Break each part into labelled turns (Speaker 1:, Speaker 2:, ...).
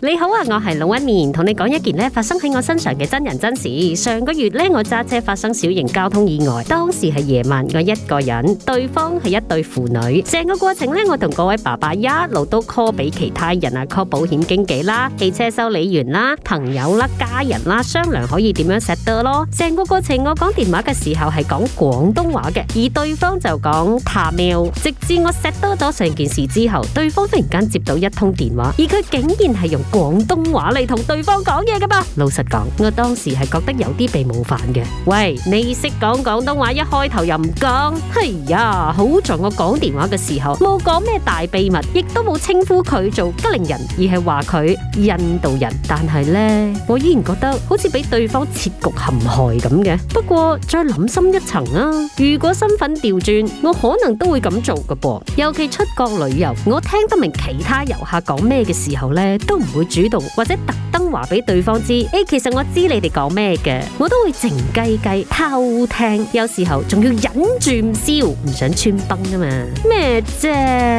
Speaker 1: 你好啊，我係老一，面，同你講一件咧發生喺我身上嘅真人真事。上個月呢，我揸車發生小型交通意外，當時係夜晚，我一個人，對方係一對父女。整個過程呢，我同各位爸爸一路都 call 俾其他人啊，call 保險經紀啦、汽車修理員啦、朋友啦、家人啦，商量可以點樣 set 到咯。成個過程我講電話嘅時候係講廣東話嘅，而對方就講怕喵。直至我 set 多咗成件事之後，對方忽然間接到一通電話，而佢竟然係用。廣東話嚟同對,對方講嘢噶嘛？老實講，我當時係覺得有啲被冒犯嘅。喂，你識講廣東話，一開頭又唔講，哎呀，好在我講電話嘅時候冇講咩大秘密，亦都冇稱呼佢做吉寧人，而係話佢印度人。但係呢，我依然覺得好似俾對方設局陷害咁嘅。不過再諗深一層啊，如果身份調轉，我可能都會咁做噶噃。尤其出國旅遊，我聽得明其他遊客講咩嘅時候呢，都唔會主動或者特登話俾對方知，誒、欸，其實我知你哋講咩嘅，我都會靜雞雞偷聽，有時候仲要忍住唔笑，唔想穿崩啊嘛。咩啫？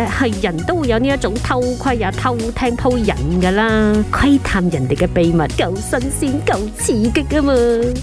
Speaker 1: 係人都會有呢一種偷窺啊、偷聽、鋪癮噶啦，窺探人哋嘅秘密，夠新鮮、夠刺激啊嘛。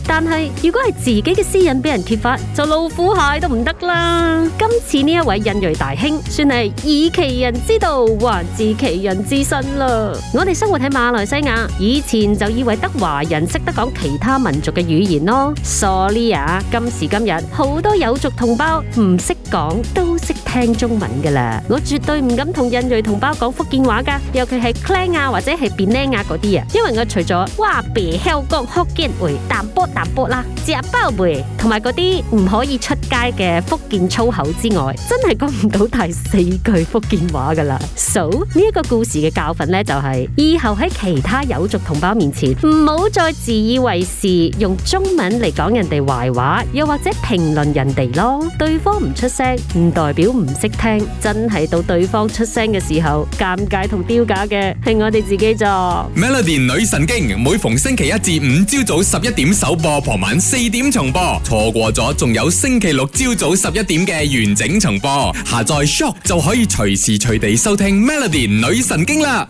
Speaker 1: 但係如果係自己嘅私隱俾人揭發，就老虎蟹都唔得啦。今次呢一位印裔大兄，算係以其人之道還治其人之身啦。我哋生活喺馬來西亞，以前就以為得華人識得講其他民族嘅語言咯。Sorry 啊，今時今日好多友族同胞唔識講都識，聽中文噶啦，我絕對唔敢同印裔同胞講福建話噶，尤其係 Klang 啊或者係 Bianlang 嗰啲啊，因為我除咗哇別香港福建會打波打波啦，接包貝，同埋嗰啲唔可以出街嘅福建粗口之外，真係講唔到第四句福建話噶啦。So 呢一個故事嘅教訓呢，就係以後喺其他有族同胞面前，唔好再自以為是用中文嚟講人哋壞話，又或者評論人哋咯，對方唔出聲唔代表唔。唔識聽，真係到對方出聲嘅時候，尷尬同丟架嘅係我哋自己咋。Melody 女神經，每逢星期一至五朝早十一點首播，傍晚四點重播，錯過咗仲有星期六朝早十一點嘅完整重播。下載 Syok 就可以隨時隨地收聽 Melody 女神經啦。